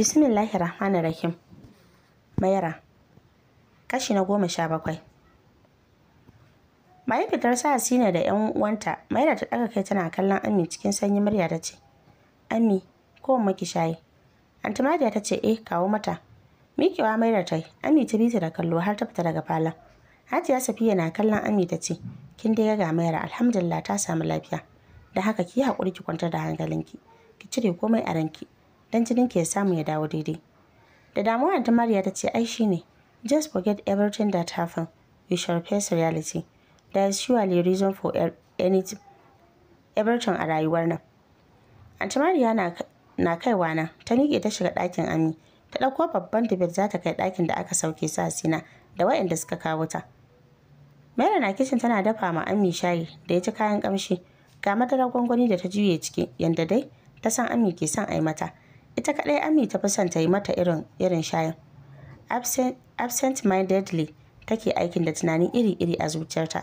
Bismillahi Rahmanu Rahim. Mayara. Kashi na goma sha bakwai. Mahaifitar sa sine da 'yan uwanta, Mayara ta ɗaga kai tana kallon Ami cikin sanyi murya ta ce, Ami, ko maki shayi. Anti ta ce, eh, kawo mata. Mikewa Mayara ta yi, Ami ta bi ta da kallo har ta fita daga falon. Hajiya Safiya na kallon Ami ta ce, kin dai ga Mayara alhamdulillah ta samu lafiya. Da haka ki haƙuri ki kwantar da hankalinki, ki cire komai a ranki. don jinin ke samu ya dawo daidai da damuwa ta mariya ta ce ai shi ne, just forget everything that happened you shall face reality there is surely reason for anything everything a rayuwar nan anti mariya na na kaiwa nan ta nike ta shiga ɗakin ami ta ɗauko babban dibet za ta kai ɗakin da aka sauke sa sina da waɗanda suka kawo ta Mera na kishin tana dafa ma ami shayi da ya ci kayan ƙamshi ga madara gwangwani da ta juye ciki yanda dai ta san ami ke son ai mata ita kaɗai ami ta fi son ta yi mata irin irin shayin absent mindedly take aikin da tunanin iri-iri a zuciyarta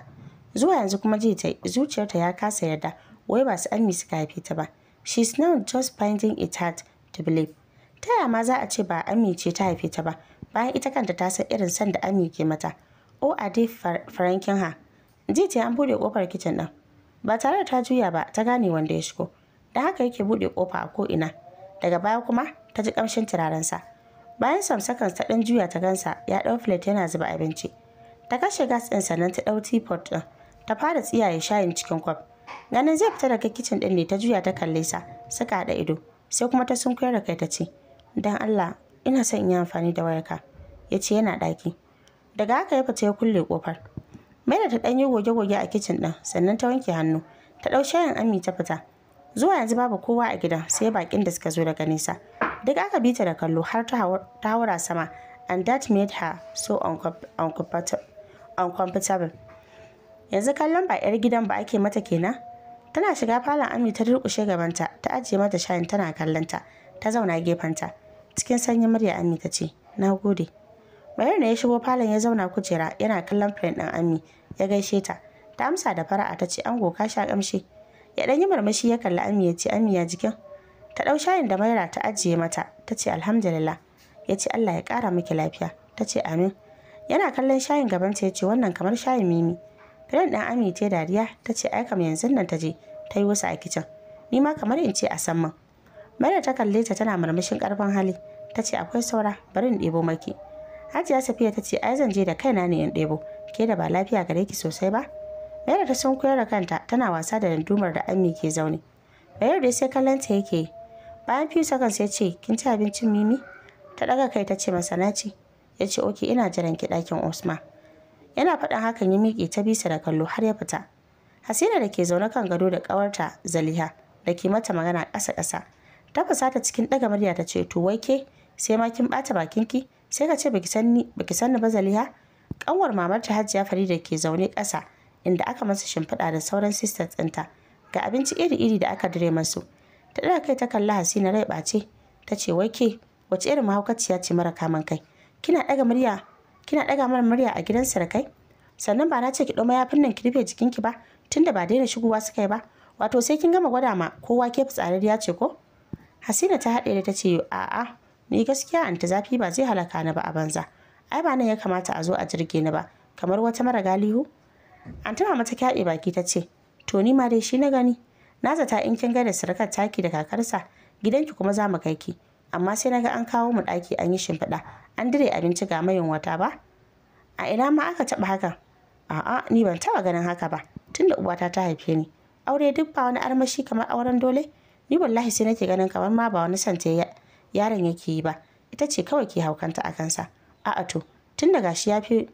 zuwa yanzu kuma ji ta zuciyarta ya kasa yarda wai ba su ami suka haife ta ba she is now just finding it hard to believe ta yaya ma za a ce ba ami ce ta haife ta ba bayan ita kanta ta san irin son da ami ke mata o a dai farankin ha ji ta an bude kofar kicin ɗin. ba tare da ta juya ba ta gane wanda ya shigo da haka yake bude kofa a ko ina daga baya kuma ta ji kamshin turarensa bayan sam ta ɗan juya ta gansa ya ɗau flet yana zuba abinci ta kashe gas ɗin sannan ta ɗau teapot ɗin ta fara tsiyaye shayin cikin kwaf ganin zai fita daga kicin ɗin ne ta juya ta kalle sa suka haɗa ido sai kuma ta sunkuyar da kai ta ce dan allah ina son in yi amfani da wayarka ya ce yana ɗaki daga haka ya fita ya kulle kofar maida ta ɗanyi goge-goge a kicin ɗin sannan ta wanke hannu ta ɗau shayin ami ta fita zuwa yanzu babu kowa a gidan sai bakin da suka zo daga nesa duk aka bi ta da kallo har ta haura sama and that made her so uncomfortable yanzu kallon ba 'yar gidan ba ake mata kenan tana shiga falon ami ta durkushe gabanta ta ajiye mata shayin tana kallonta ta zauna gefenta cikin sanyin murya ami ta ce na gode bayar da ya shigo falon ya zauna kujera yana kallon friend ɗin ami ya gaishe ta ta amsa da fara'a ta ce ango ka sha kamshi ya ɗan yi murmushi ya kalli ami ya ce ami ya jikin ta ɗau shayin da maira ta ajiye mata ta ce alhamdulillah ya ce allah ya ƙara miki lafiya ta ce amin yana kallon shayin gabanta ya ce wannan kamar shayin mimi firen ɗan ami ta dariya ta ce ai kam yanzu nan ta je ta yi wasu a kicin ni ma kamar in ce a samman maira ta kalle ta tana marmashin ƙarfin hali ta ce akwai saura bari in ɗebo maki hajiya safiya ta ce ai zan je da kaina ne in ɗebo ke da ba lafiya gare ki sosai ba Maira ta sunkuyar da kanta tana wasa da dandumar da Ammi ke zaune. bayar dai sai kallon ta yake. Bayan few seconds ya ce, "Kin ci abincin Mimi?" Ta daga kai ta ce masa na ce. Ya ce, "Oke, ina jiran ki ɗakin Usman." Yana faɗin hakan ya miƙe ta bisa da kallo har ya fita. Hasina da ke zaune kan gado da ƙawarta Zaliha da ke mata magana ƙasa-ƙasa. Ta fusata cikin ɗaga murya ta ce, "To wai ke sai ma kin ɓata ki sai ka ce baki san ni ba zaliha ƙanwar mamarta ta hajiya farida ke zaune ƙasa inda aka masa shimfiɗa da sauran sisters ɗinta ga abinci iri-iri da aka dire masu ta ɗaga kai ta kalla hasina rai ɓace ta ce wai ke wace irin mahaukaciya ce mara kaman kai kina ɗaga murya kina ɗaga mara murya a gidan kai? sannan ba na ce ki ɗoma yafin nan ki rufe jikinki ba tunda ba daina shigowa suka yi ba wato sai kin gama gwada ma kowa ke ya ce ko hasina ta haɗe da ta ce a'a ni gaskiya anta zafi ba zai halaka ni ba a banza ai ba nan ya kamata a zo a jirge ni ba kamar wata mara galihu an tuma mata kyaɗe baki ta ce to ni ma dai shi na gani na zata in kin ga da surukar taki da kakarsa gidanki kuma za mu kai ki amma sai na ga an kawo mu ɗaki an yi shimfiɗa an dire abinci ga mayin wata ba a ina ma aka taɓa hakan a'a ni ban taɓa ganin haka ba tunda uwata ta haife ni aure duk ba wani armashi kamar auren dole ni wallahi sai nake ganin kamar ma ba wani santa yaron yake yi ba ita ce kawai ke haukanta a kansa a'a to tun daga shi ya fi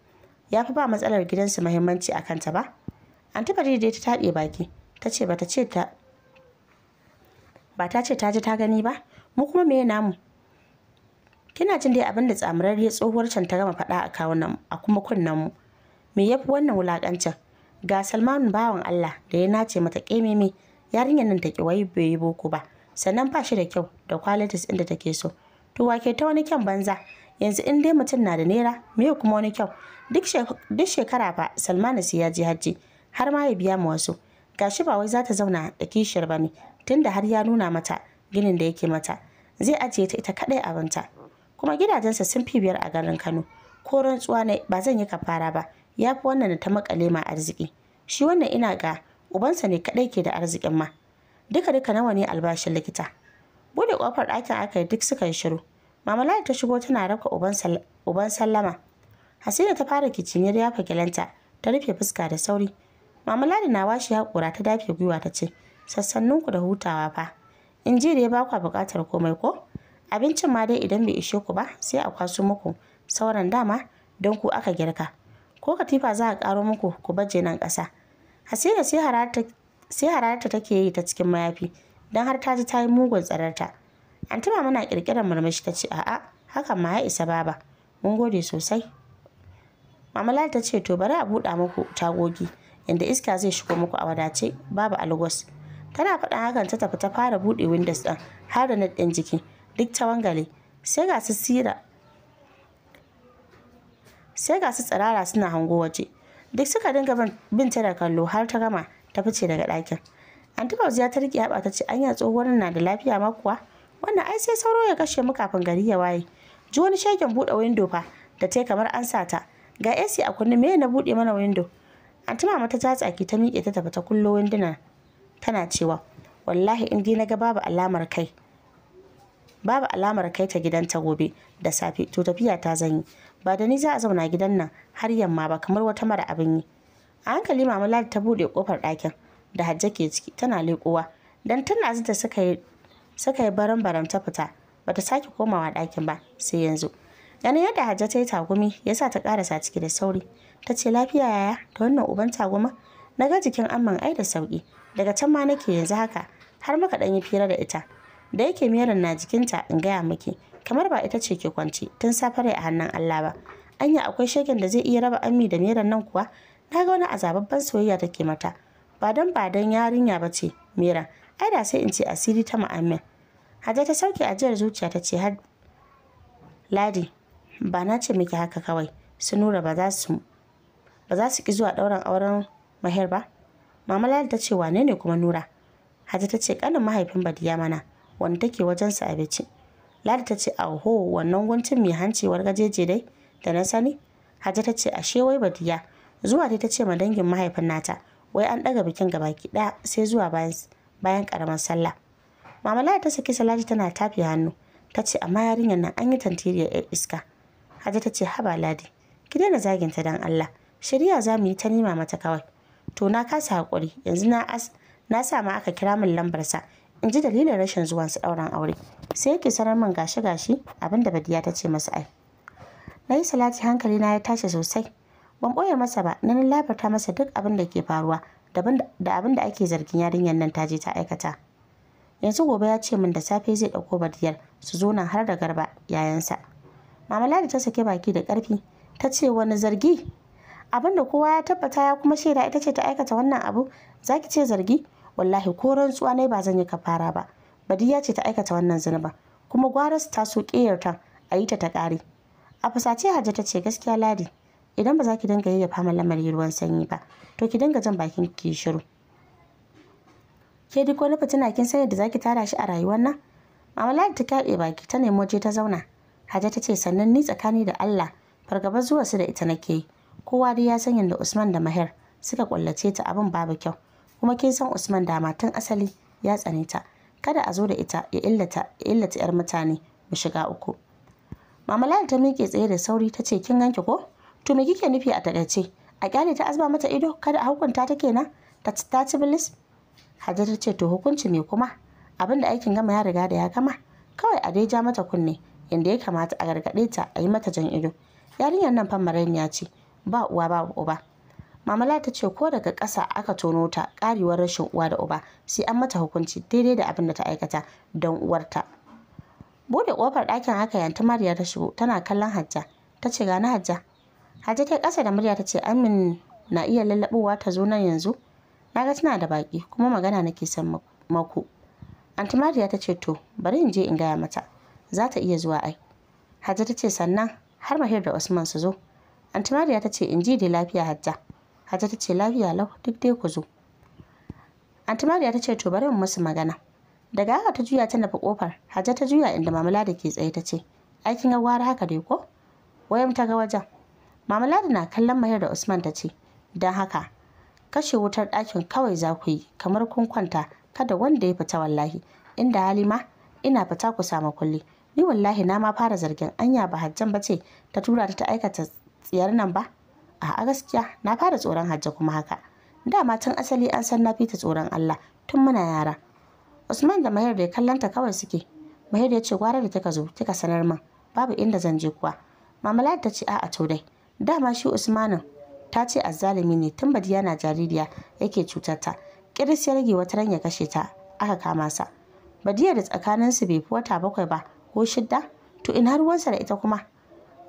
ya fi ba matsalar gidansu muhimmanci a kanta ba anti bari dai ta taɗe baki ta ce ba ta ce ta ba ta ce ta ji ta gani ba mu kuma me namu kina jin dai abin da ya tsohuwar can ta gama faɗa a kuma kunnen mu me yafi wannan wulakancin ga Salmanu, bawan allah da ya nace mata kememe yarinyar nan ta ki wai bai yi boko ba sannan ba shi da kyau da kwalitis inda take so to wake ta wani kyan banza yanzu in dai mutum na da naira me kuma wani kyau duk shekara fa salmana sai ya je hajji har ma ya biya mu wasu gashi ba wai za ta zauna da kishiyar ba ne tunda har ya nuna mata ginin da yake mata zai ajiye ta ita kadai banta kuma gidajensa sun fi biyar a garin kano ko rantsuwa ne ba zan yi kafara ba ya fi wannan da ta makale ma arziki shi wannan ina ga ubansa ne kadai ke da arzikin ma duka duka nawa ne albashin likita bude kofar ɗakin aka yi duk suka yi shiru mama ladi ta shigo tana raka uban sallama hasina ta fara kiciniyar ya fakilanta ta rufe fuska da sauri mama ladi na washe haƙura ta dafe gwiwa ta ce sassanninku da hutawa fa in ji dai ba kwa buƙatar komai ko abincin ma dai idan bai ishe ku ba sai a kwaso muku sauran dama don ku aka girka ko katifa za a ƙaro muku ku baje nan ƙasa hasina sai hararta take yi ta cikin mayafi don har ta ji ta yi mugun tsararta an tuma muna kirkirar murmushi ta ce a'a hakan ma ya isa baba mun gode sosai mamalar ta ce to bari a buɗa muku tagogi inda iska zai shigo muku a wadace babu algos tana faɗa hakan ta tafi ta fara buɗe windows ɗin har da net ɗin jiki duk ta wangale sai ga su tsirara suna hango waje duk suka dinga bin ta da kallo har ta gama ta fice daga ɗakin anti ya ta riƙe haɓa ta ce anya tsohuwar na da lafiya makuwa. kuwa wannan ai sai sauro ya kashe mu kafin gari ya waye ji wani shegen buɗe windo fa da tai kamar an sa ta. ga AC a kunne me na buɗe mana windo anti mama ta tsaki ta miƙe ta tafi ta kullo winduna tana cewa wallahi in na ga babu alamar kai babu alamar kai ta gidanta gobe da safe to tafiya ta zanyi ba da ni za a zauna gidan nan har yamma ba kamar wata mara abin yi a hankali mama ladi ta buɗe kofar ɗakin da hajja ke ciki tana leƙowa dan tana zata suka yi suka yi barin baran ta fita ba bata sake komawa ɗakin ba sai yanzu ganin yadda hajja ta yi tagumi ya sa ta ƙarasa ciki da sauri ta ce lafiya yaya ta wannan uban taguma na ga jikin amman ai da sauƙi daga can ma nake yanzu haka har muka ɗan yi fira da ita da yake meran na jikinta in gaya miki kamar ba ita ce ke kwance, tun safare a hannun Allah ba anya akwai shegen da zai iya raba ammi da meran nan kuwa na ga wani azababban soyayya take mata ba don ba don yarinya ba ce meran ai da sai in ce asiri ta ma'amin hajja ta sauke ajiyar zuciya ta ce har ladi ba na ce miki haka kawai su nura ba za su ba ki zuwa ɗauran auren mahir ba mama ladi ta ce wane ne kuma nura hajja ta ce kanin mahaifin badiya mana wanda take wajensa abinci ladi ta ce aho wannan guntun mai hancewar gajeje dai da na sani hajja ta ce ashe wai badiya zuwa dai ta ce ma dangin mahaifin nata wai an ɗaga bikin gabaki ɗaya sai zuwa bayan bayan karamar sallah mama laya ta saki salati tana tafi hannu ta ce amma yarinyar nan an yi tantiriyar yar iska hajji ta ce haba ladi ki daina zagin ta dan allah shari'a za mu yi ta nima mata kawai to na kasa haƙuri yanzu na as na sa ma aka kira min lambarsa in ji dalilin rashin zuwan su ɗauran aure sai yake sanar min gashi gashi abin abinda badiya ta ce masa ai na yi salati hankali na ya tashi sosai ban ɓoye masa ba na labarta masa duk abin da ke faruwa da abin da ake zargin yarinyar nan ta je ta aikata yanzu gobe ya ce min da safe zai ɗauko badiyar su zo nan har da garba yayansa mama ladi ta sake baki da karfi ta ce wani zargi abin da kowa ya tabbata ya kuma shaida ita ce ta aikata wannan abu zaki ce zargi wallahi ko rantsuwa ne ba zan yi kafara ba badiya ce ta aikata wannan zunuba kuma gwaras ta so kiyarta a yi ta ta kare. a fusace hajja ta ce gaskiya ladi idan ba za ki dinga yayyafa min lamari ruwan sanyi ba to ki dinga jan bakin ki shiru ke duk wani fitina kin sani da zaki tara shi a rayuwar nan Ladi ta kaɗe baki ta nemo je ta zauna Haja ta ce sannan ni tsakani da Allah fargaba zuwa su da ita nake kowa dai ya san yanda Usman da maher suka kullace ta abin babu kyau kuma kin san Usman da matan asali ya tsane ta kada a zo da ita ya illata ya illata yar mutane mu shiga uku Mama mamala ta miƙe tsaye da sauri ta ce kin ganki ko to me kike nufi a takaice a kyale ta azba mata ido kada a hukunta take kenan ta ta ci bilis hajja ta ce to hukunci me kuma abin da aikin gama ya riga da ya gama kawai a dai ja mata kunne inda ya kamata a gargaɗe ta a yi mata jan ido yarinyar nan fan ya ce ba uwa ba uba mamala ta ce ko daga ƙasa aka tono ta karewar rashin uwa da uba sai an mata hukunci daidai da abin da ta aikata don uwarta bude kofar ɗakin haka yanti mariya ta shigo tana kallon hajja ta ce gani hajja Hajji ta kasa da murya ta ce Amin na iya lallabowa ta zo nan yanzu. Na ga tana da baki kuma magana nake son maku. Anti Mariya ta ce to bari in je in gaya mata za ta iya zuwa ai. Hajji ta ce sannan har Mahir da Usman su zo. Anti Mariya ta ce in ji da lafiya Hajja. Hajja ta ce lafiya lau duk dai ku zo. Anti Mariya ta ce to bari mu musu magana. Daga haka ta juya ta nufi kofar, Hajja ta juya inda mamala da ke tsaye ta ce, "Aikin gawara haka dai ko?" Wayam ta ga wajen. mamaladi na kallon mahir da usman ta ce don haka kashe wutar ɗakin kawai za ku yi kamar kun kwanta kada wanda ya fita wallahi inda halima ina fita ku samu kulli ni wallahi na ma fara zargin anya ba hajjan ba ce ta tura ta ta aikata tsiyar nan ba a gaskiya na fara tsoron hajja kuma haka dama tun asali an san na fita tsoron Allah tun muna yara Usman da Mahir da ya kallanta kawai suke Mahir ya ce gwara da kika zo kika sanar min babu inda zan je kuwa Ladi ta ce a'a to dai dama shi usmanin ta ce azzalumi ne tun badiya na jaririya yake cutar ta kiris ya rage wata ran ya kashe ta aka kama sa badiya da tsakaninsu bai fi wata bakwai ba ko shidda to ina ruwansa da ita kuma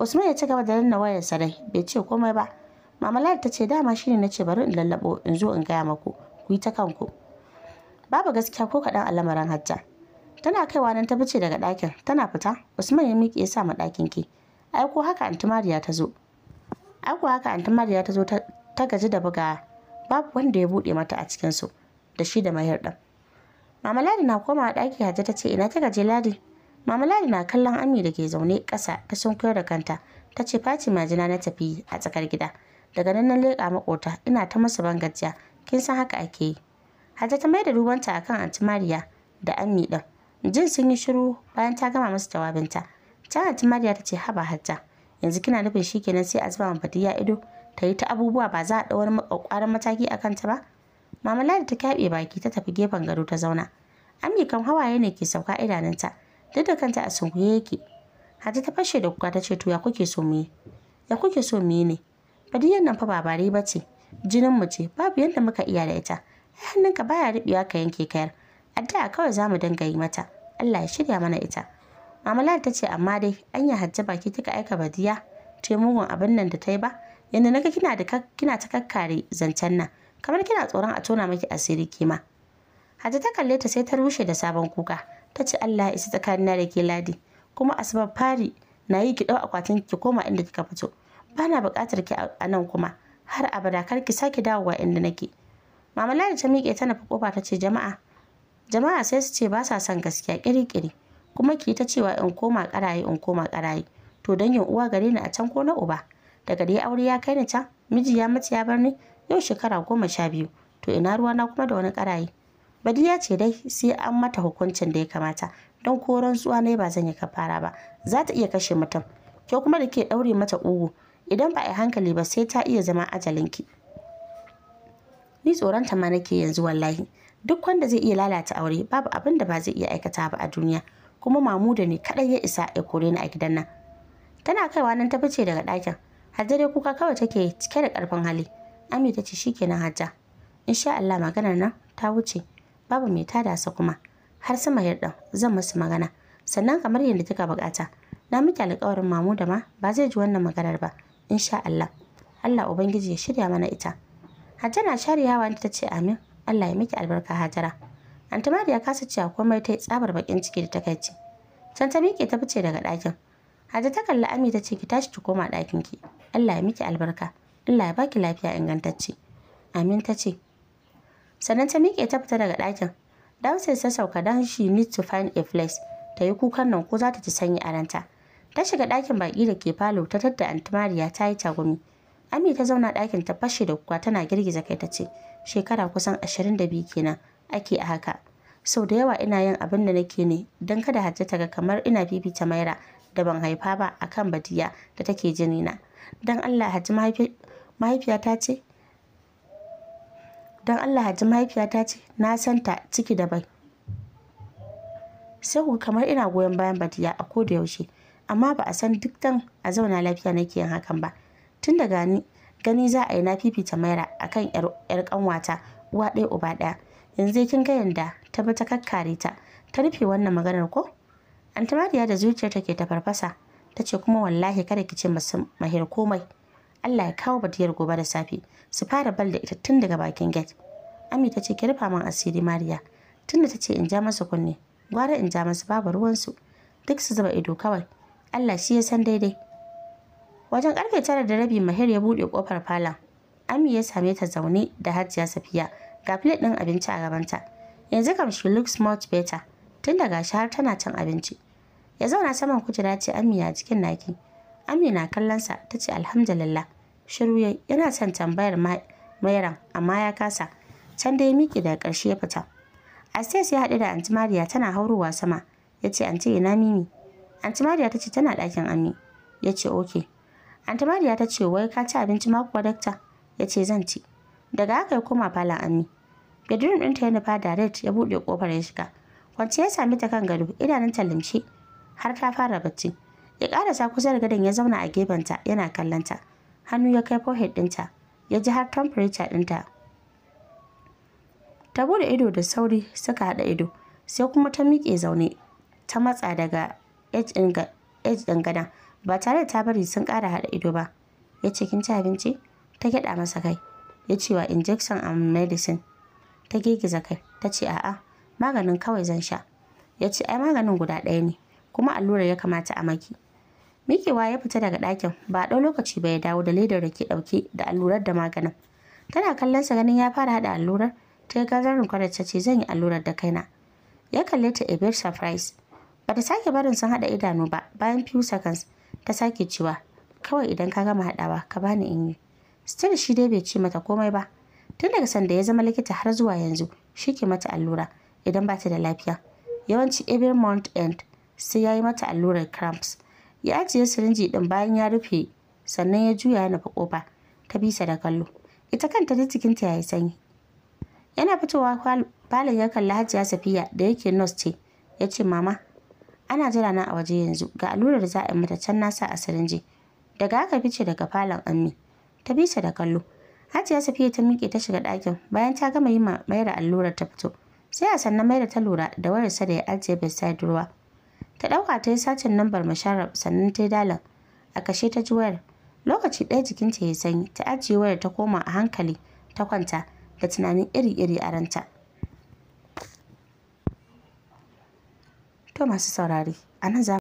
usman ya ci gaba da danna wayar sa dai bai ce komai ba mamalar ta ce dama shine nace bari in lallabo in zo in gaya maku ku yi ta kanku babu gaskiya ko kaɗan al'amarin hajja tana kaiwa nan ta fice daga ɗakin tana fita usman ya miƙe ya sa ma ɗakin ki ai ko haka antumariya ta zo kuwa haka Anti Maryam ta zo ta gaji da buga babu wanda ya buɗe mata a cikinsu da shi da mahir ɗin. Mama Ladi na komawa ɗaki Hajja ta ce ina ta gaje Ladi. Mama Ladi na kallon Ami da ke zaune ƙasa ta sunkuyar da kanta ta ce faci majina na tafi a tsakar gida. Daga nan na leƙa maƙota ina ta masa ban kin san haka ake yi. Hajja ta maida dubanta akan Anti Maryam da Ami ɗin. Jin sun yi shiru bayan ta gama musu jawabinta. Ta Anti Maryam ta ce haba Hajja. yanzu kina nufin shi kenan sai a zuba ma fatiya ido ta yi ta abubuwa ba za a ɗawar ƙwaƙwaran mataki a kanta ba mama ladi ta kyaɓe baki ta tafi gefen gado ta zauna ami kan hawaye ne ke sauka idanunta duk da kanta a sunkuye yake hadi ta fashe da kuka ta ce to ya kuke so mu yi ya kuke so mu yi ne fadiyar nan fa babare ba ce jinin mu ce babu yadda muka iya da ita hannunka baya rubewa ka yanke kayar da kawai za mu dinga yi mata Allah ya shirya mana ita Amalar ta ce amma dai anya hajji baki kika aika badiya ta mugun abin nan da ta yi ba yanda naga kina da kina ta kakkare zancen nan kamar kina tsoron a tona miki asiri kima Hajji ta kalle ta sai ta rushe da sabon kuka ta ce Allah ya isa tsakanin da ke ladi kuma asabar fari na yi ki dau akwatin ki koma inda kika fito bana buƙatar ki a nan kuma har abada kar ki sake dawowa inda nake mama ladi ta miƙe ta fi kofa ta ce jama'a jama'a sai su ce ba sa son gaskiya kiri-kiri kuma ke ta cewa in koma karaye in koma karaye to yin uwa gare ni a can ko na uba daga dai aure ya kai ni can miji ya mace ya bar ni yau shekara goma sha biyu to ina ruwa na kuma da wani karaye ya ce dai sai an mata hukuncin da ya kamata don ko rantsuwa ne ba zan yi fara ba za ta iya kashe mutum ke kuma da ke daure mata ugu idan ba a hankali ba sai ta iya zama ajalinki ni tsoron ta ma nake yanzu wallahi duk wanda zai iya lalata aure babu abin da ba zai iya aikata ba a duniya kuma da ne kaɗai ya isa ya kore ni a gidan nan tana kaiwa nan ta fice daga ɗakin hajja dai kuka kawai take cike da ƙarfin hali ami ta ce shikenan hajja insha Allah maganar nan ta wuce babu mai tada sa kuma har sama yarda zan musu magana sannan kamar yadda kika bukata na miki alƙawarin mamu da ma ba zai ji wannan maganar ba insha Allah Allah ubangiji ya shirya mana ita Hajjana shari'awa ta ce amin Allah ya miki albarka Hajara antimari ya kasa cewa komai ta yi tsabar bakin ciki da takaici can ta miƙe ta fice daga ɗakin hajji ta kalli ami ta ce ki tashi ki koma ɗakin ki allah ya miki albarka allah ya baki lafiya ingantacce amin ta ce sannan ta miƙe ta fita daga ɗakin downstairs ta sauka Dan she need to find a place ta yi kukan nan ko za ta ci sanyi a ranta ta shiga ɗakin baƙi da ke falo ta tadda antimariya ta yi tagumi ami ta zauna ɗakin ta fashe da kuka tana girgiza kai ta ce shekara kusan ashirin da biyu kenan ake a haka sau da yawa ina yin abin da nake ne don kada hajja ta ga kamar ina fifita maira da ban haifa ba akan badiya da take jini na don allah hajji mahaifiyata ce don allah hajji ta ce na santa ciki da bai sai ku kamar ina goyon bayan badiya a ko da yaushe amma ba a san duk dan a zauna lafiya nake yin hakan ba tun da gani gani za a yi na fifita maira akan yar kanwata uwa ɗaya uba ɗaya yanzu kin ga yanda ta bi ta kakkare ta ta rufe wannan maganar ko antamariya da zuciyarta ke ta farfasa ta ce kuma wallahi kada ki ce masu mahir komai Allah ya kawo badiyar gobe da safe su fara bal da ita tun daga bakin gate ami ta ce ki rufa min asiri mariya tunda ta ce in ja masa kunne gwara in ja masa babu ruwansu duk su zuba ido kawai Allah shi ya san daidai wajen karfe tara da rabi mahir ya buɗe kofar falon ami ya same ta zaune da hajiya safiya ga plate ɗin abinci a gabanta yanzu kam she looks much better tun daga shi har tana cin abinci ya zauna saman kujera ce amina cikin naki amina kallonsa ta ce alhamdulillah shiru ya yana son tambayar mayaran amma ya kasa can dai miki da ƙarshe ya fita astes ya haɗu da anti mariya tana haurowa sama ya ce anti ina mimi anti mariya ta ce tana ɗakin ami ya ce ok anti mariya ta ce wai ka ci abinci mako dakta ya ce zan ci daga haka ya koma falon ami bedroom ɗinta ya nufa direct ya buɗe kofar ya shiga kwance ya sami ta kan gado idanunta limshe har ta fara bacci ya ƙarasa kusa da gadon ya zauna a gefenta yana kallonta hannu ya kai forehead ɗinta ya ji har temperature ɗinta ta bude ido da sauri suka haɗa ido sai kuma ta miƙe zaune ta matsa daga edge ɗin gadon ba tare da ta bari sun kara haɗa ido ba ya ce kin ci abinci ta gyaɗa masa kai ya ce wa injection and medicine ta girgiza kai ta ce a'a maganin kawai zan sha ya ce ai maganin guda ɗaya ne kuma allurar ya kamata a maki mikewa ya fita daga ɗakin ba a ɗau lokaci ba ya dawo da ledar da ke ɗauke da allurar da maganin tana kallonsa ganin ya fara haɗa allurar ta yi gazar kwanar ta ce zan yi allurar da kaina ya kalle ta a bear surprise ba ta sake barin sun haɗa idanu ba bayan few seconds ta sake cewa kawai idan ka gama haɗawa ka bani in yi still shi dai bai ce mata komai ba tun daga sanda ya zama likita har zuwa yanzu shi ke mata allura idan ba ta da lafiya yawanci every month end sai ya yi mata allurar cramps ya ajiye sirinji din bayan ya rufe sannan ya juya ya nafi kofa ta bisa da kallo ita kanta da cikin ta yayi sanyi yana fitowa falon ya kalli hajiya safiya da yake nurse ce ya ce mama ana jira na a waje yanzu ga allurar za a yi mata can nasa a sirinji daga haka fice daga falon ammi ta bisa da kallo Hajiya Safiya ta miƙe ta shiga ɗakin bayan ta gama yi mayar allurar ta fito. Sai a sannan mayar ta lura da wayarsa da ya ajiye beside ruwa. Ta ɗauka ta yi sacin lambar masharab sannan ta yi dalar. A kashe ta ji wayar. Lokaci ɗaya jikinta ya sanyi ta ajiye wayar ta koma a hankali ta kwanta da tunanin iri-iri a ranta. To masu saurare, a nan za